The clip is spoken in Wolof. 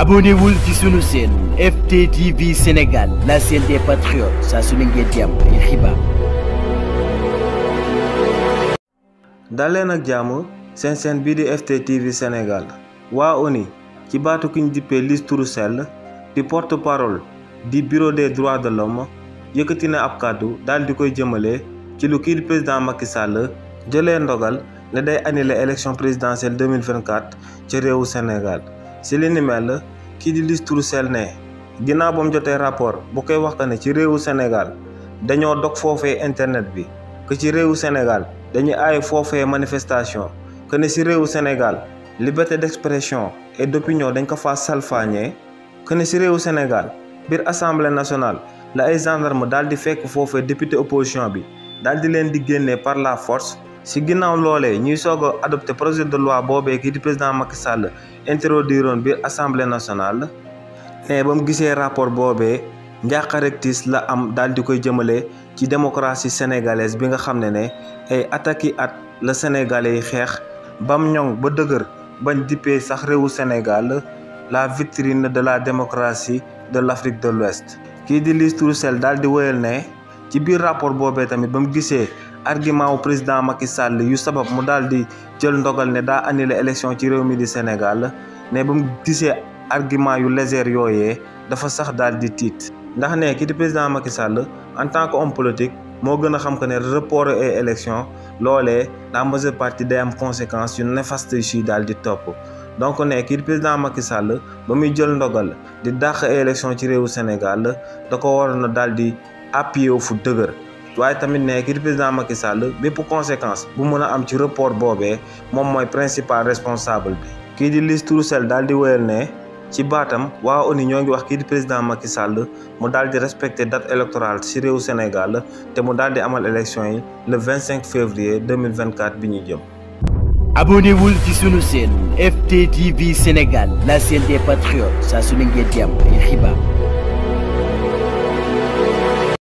abonnez-vous sur notre chaîne FTTV Sénégal la chaîne des patriotes Ça, su et ngeen di am ay xibaar. daleen ak jàmm seen seen bii di FTTV Sénégal waa ONU ci baatu ki ñu dippee di porte-parole di bureau des droits de l'homme Yokotina na ab kàddu daal di koy jëmale ci lu président Macky Sall jëlee ndogal ne day annuler élection présidentielle 2024 ci au Sénégal. si li ni kii di Liz Trussell ne ginnaaw ba jotee rapport bu koy wax waxtaanee ci réewu Sénégal dañoo dog foofee internet bi que ci réewu Sénégal dañuy aaye foofee manifestation que ne si réewu Sénégal liberté d'expression et d'opinion dañ ko faa salfaañee que ne si réewu Sénégal mbir assemblée nationale la ay gendarme daal di fekk foofee député opposition bi daal di leen di génnee par la force. si ginnaaw loolee ñuy soog a adopté projet de loi boobee kii di président Macky Sall introduiroon biir assemblée nationale mais ba mu gisee rapport boobee njàqarek tiis la am daal di koy jëmale ci démocratie sénégalaise bi nga xam ne ne ay attaques at la sénégalais yi xeex bam ñong ba dëgër bañ dippee sax réewu Sénégal la vitrine de la démocratie de l'Afrique de l'Ouest kii di Lise Throusseau daal di woyal ne ci biir rapport boobee tamit ba mu gisee argument wu président Macky Sall yu sabab mu daal di jël ndogal ne daa annulé élection ci réew mi di Sénégal ne ba mu gisee argument yu légère yooyee dafa sax daal di tiit ndax ne kii di président Macky sàll en tant que homme politique moo gën a xam que ne report ay élection loolee la majeure partie day am conséquence yu néfaste yu siy daal di topp donc ne kii président Macky Sall ba muy jël ndogal di dàq élection ci réewu Sénégal da ko waroon a daal di appuyer fu dëgër waaye tamit ne ki président Macky Sall bépp conséquence bu mën a am ci report boobee moom mooy principal responsable bi. kii di liste Roussel daal di wéyal ne ci baatam waa ONU ñoo ngi wax kii di président Macky Sall mu daal di respecter date électorale ci réewu Sénégal te mu daal di amal élection yi le 25 février 2024 bi ñu jëm. abonnez-vous ci sunu chaîne FTTV Sénégal la chaîne des patriotes saa su ne ngeen di am ay xibaar.